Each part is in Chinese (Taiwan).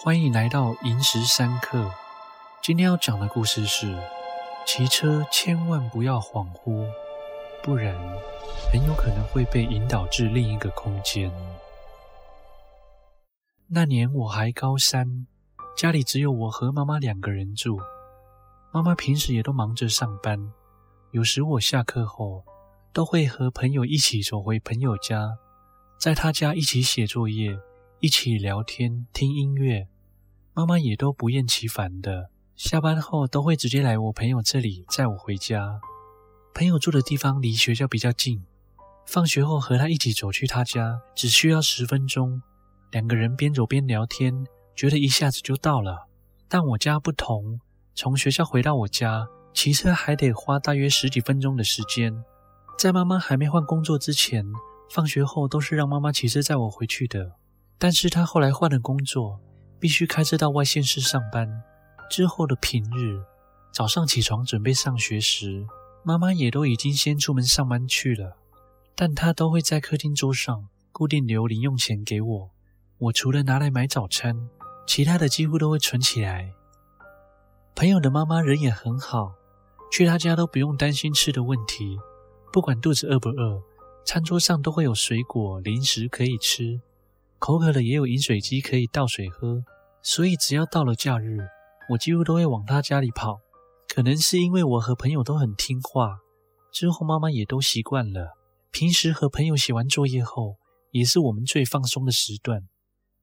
歡迎來到《螢石三刻》。今天要講的故事是：騎車千萬不要恍惚，不然很有可能會被引導至另一個空間。那年我還高三，家裡只有我和媽媽兩個人住，媽媽平時也都忙着上班。有時我下課後，都會和朋友一起走回朋友家，在他家一起寫作業。一起聊天、聽音樂，媽媽也都不厭其煩的，下班後都會直接來我朋友這裡載我回家。朋友住的地方離學校比較近，放學後和他一起走去他家只需要十分鐘。兩個人邊走邊聊天，覺得一下子就到了。但我家不同，從學校回到我家，騎車還得花大約十幾分鐘的時間。在媽媽還沒換工作之前，放學後都是讓媽媽騎車載我回去的。但是他後來換了工作，必須開車到外縣市上班。之後的平日，早上起床準備上學時，媽媽也都已經先出門上班去了。但她都會在客廳桌上固定留零用錢給我，我除了拿來買早餐，其他的幾乎都會存起來。朋友的媽媽人也很好，去她家都不用擔心吃的問題，不管肚子餓不餓，餐桌上都會有水果零食可以吃。口渴了也有飲水機可以倒水喝，所以只要到了假日，我幾乎都會往他家裡跑。可能是因為我和朋友都很聽話，之後媽媽也都習慣了。平時和朋友寫完作業後，也是我們最放鬆的時段。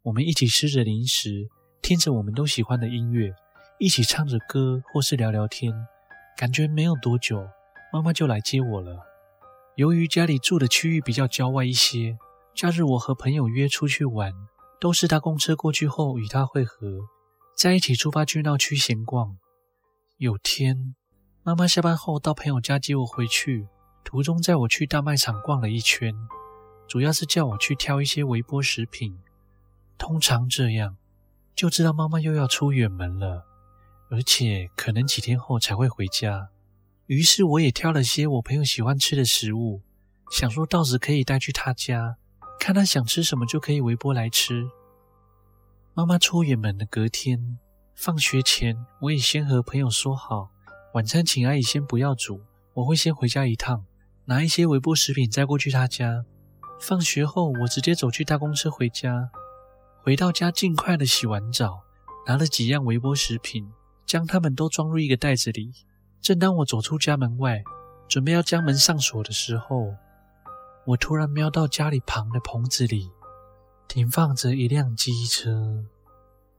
我們一起吃着零食，聽着我們都喜歡的音樂，一起唱着歌或是聊聊天，感覺沒有多久，媽媽就來接我了。由於家裡住的區域比較郊外一些。假日我和朋友約出去玩，都是搭公車過去後與他會合，在一起出發去鬧區閒逛。有天，媽媽下班後到朋友家接我回去，途中載我去大賣場逛了一圈，主要是叫我去挑一些微波食品。通常這樣就知道媽媽又要出遠門了，而且可能幾天後才會回家。於是我也挑了些我朋友喜歡吃的食物，想說到時可以帶去他家。看他想吃什麼就可以微波來吃。媽媽出遠門的隔天，放學前，我也先和朋友說好，晚餐請阿姨先不要煮，我會先回家一趟，拿一些微波食品再過去她家。放學後，我直接走去大公車回家。回到家，盡快的洗完澡，拿了幾樣微波食品，將他們都裝入一個袋子裡。正當我走出家門外，準備要將門上鎖的時候。我突然瞄到家裡旁的棚子裡停放着一輛機車，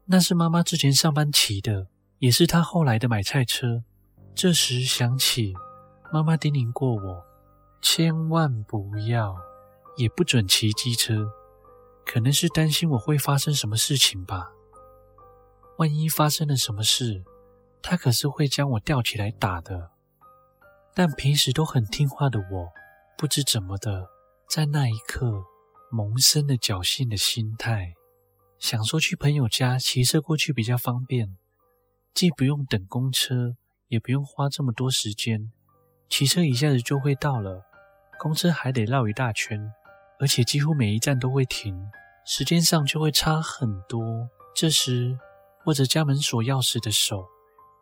那是媽媽之前上班騎的，也是她後來的買菜車。這時想起媽媽叮嚀過我，千萬不要，也不准騎機車，可能是擔心我會發生什麼事情吧。萬一發生了什麼事，她可是會將我吊起來打的。但平時都很聽話的我，不知怎麼的。在那一刻，萌生了僥倖的心態，想說去朋友家騎車過去比較方便，既不用等公車，也不用花這麼多時間，騎車一下子就會到了。公車還得繞一大圈，而且幾乎每一站都會停，時間上就會差很多。這時，握着家門鎖鑰匙的手，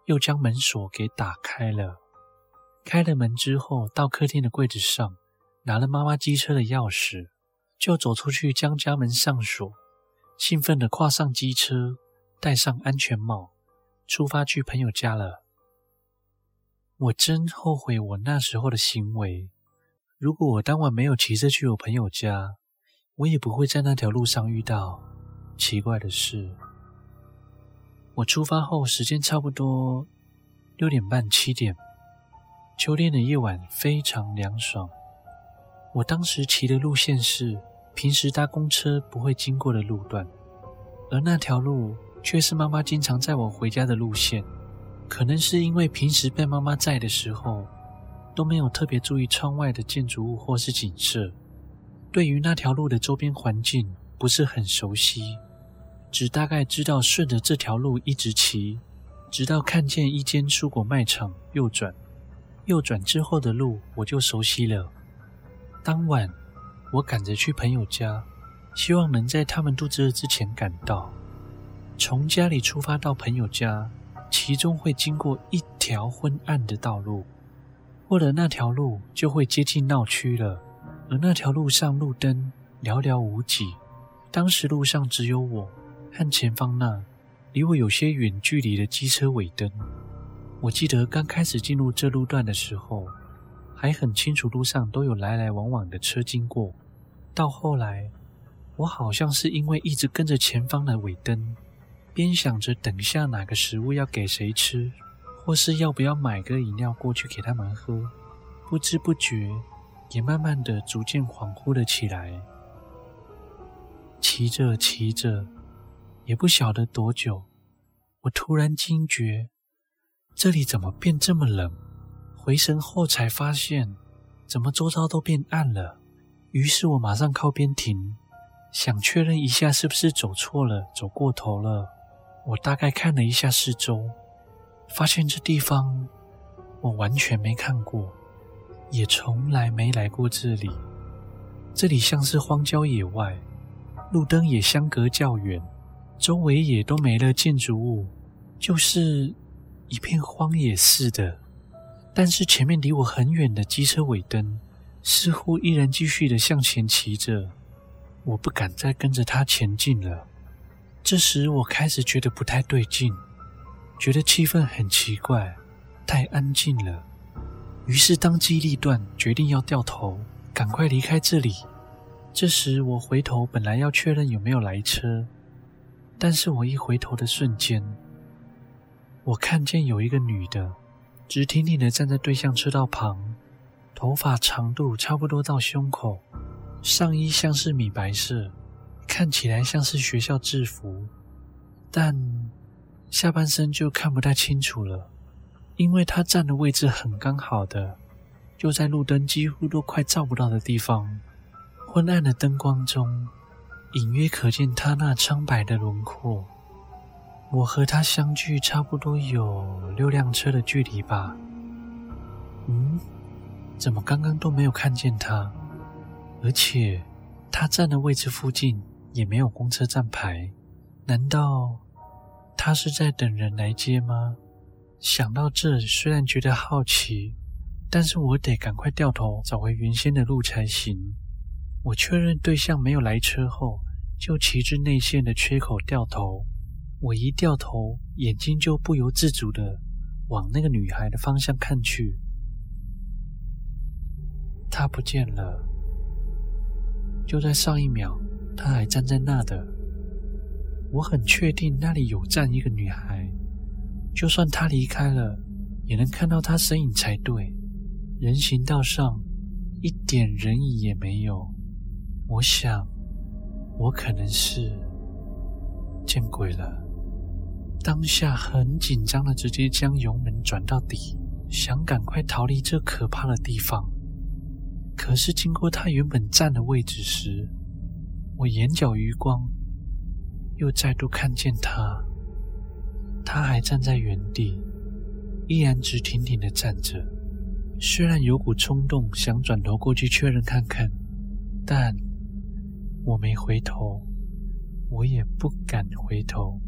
又將門鎖給打開了。開了門之後，到客廳的櫃子上。拿了媽媽機車的鑰匙，就走出去將家門上鎖，興奮地跨上機車，戴上安全帽，出發去朋友家了。我真後悔我那時候的行為。如果我當晚沒有騎車去我朋友家，我也不會在那條路上遇到奇怪的事。我出發後時間差不多六點半、七點，秋天的夜晚非常涼爽。我當時騎的路線是平時搭公車不會經過的路段，而那條路卻是媽媽經常載我回家的路線。可能是因為平時被媽媽載的時候都沒有特別注意窗外的建築物或是景色，對於那條路的周邊環境不是很熟悉，只大概知道順着這條路一直騎，直到看見一間蔬果賣場，右轉。右轉之後的路我就熟悉了。當晚，我趕着去朋友家，希望能在他們肚子餓之前趕到。從家裡出發到朋友家，其中會經過一條昏暗的道路，過了那條路就會接近鬧區了。而那條路上路燈寥寥無幾，當時路上只有我和前方那離我有些遠距離的機車尾燈。我記得剛開始進入這路段的時候。還很清楚，路上都有來來往往的車經過。到後來，我好像是因為一直跟着前方的尾燈，邊想着等一下哪個食物要給誰吃，或是要不要買個飲料過去給他們喝，不知不覺也慢慢的逐漸恍惚了起來。騎着騎着，也不曉得多久，我突然驚覺，這裡怎麼變這麼冷？回神後才發現，怎麼周遭都變暗了？於是我馬上靠邊停，想確認一下是不是走錯了、走過頭了。我大概看了一下四周，發現這地方我完全沒看過，也從來沒來過這裡。這裡像是荒郊野外，路燈也相隔較遠，周圍也都沒了建築物，就是一片荒野似的。但是前面離我很遠的機車尾燈，似乎依然繼續的向前騎着，我不敢再跟着它前進了。這時我開始覺得不太對勁，覺得氣氛很奇怪，太安靜了。於是當機立斷，決定要掉頭，趕快離開這裡。這時我回頭，本來要確認有沒有來車，但是我一回頭的瞬間，我看見有一個女的。直挺挺地站在對向車道旁，頭髮長度差不多到胸口，上衣像是米白色，看起來像是學校制服，但下半身就看不太清楚了，因為他站的位置很剛好的，就在路燈幾乎都快照不到的地方，昏暗的燈光中，隱約可見他那蒼白的輪廓。我和他相距差不多有六輛車的距離吧。嗯，怎麼剛剛都沒有看見他？而且他站的位置附近也沒有公車站牌，難道他是在等人來接嗎？想到這，雖然覺得好奇，但是我得趕快掉頭找回原先的路才行。我確認對向沒有來車後，就騎至內線的缺口掉頭。我一掉頭，眼睛就不由自主地往那個女孩的方向看去。她不見了。就在上一秒，她還站在那的。我很確定那裡有站一個女孩，就算她離開了，也能看到她身影才對。人行道上一點人影也沒有。我想，我可能是見鬼了。當下很緊張的，直接將油門轉到底，想趕快逃離這可怕的地方。可是經過他原本站的位置時，我眼角餘光又再度看見他，他還站在原地，依然直挺挺的站着。雖然有股衝動想轉頭過去確認看看，但我沒回頭，我也不敢回頭。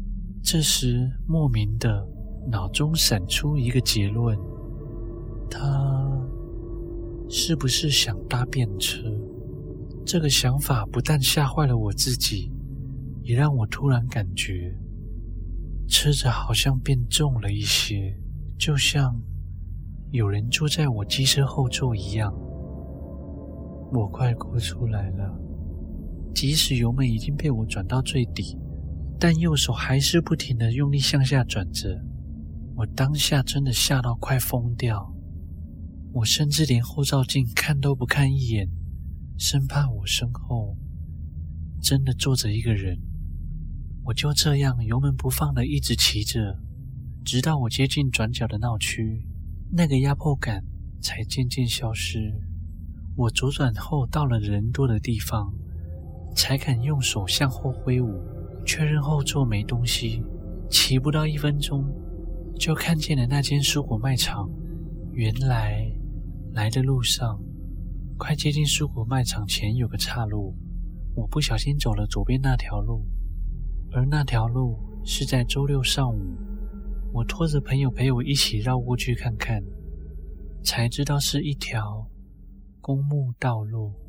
這時，莫名的腦中閃出一個結論：她是不是想搭便車？這個想法不但嚇壞了我自己，也讓我突然感覺車子好像變重了一些，就像有人坐在我機車後座一樣。我快哭出來了，即使油門已經被我轉到最底。但右手還是不停地用力向下轉著，我當下真的嚇到快瘋掉，我甚至連後照鏡看都不看一眼，生怕我身後真的坐着一個人。我就這樣油門不放地一直騎着，直到我接近轉角的鬧區，那個壓迫感才漸漸消失。我左轉後到了人多的地方，才敢用手向後揮舞。確認後座沒東西，騎不到一分鐘，就看見了那間蔬果賣場。原來來的路上，快接近蔬果賣場前有個岔路，我不小心走了左邊那條路，而那條路是在週六上午，我拖着朋友陪我一起繞過去看看，才知道是一條公墓道路。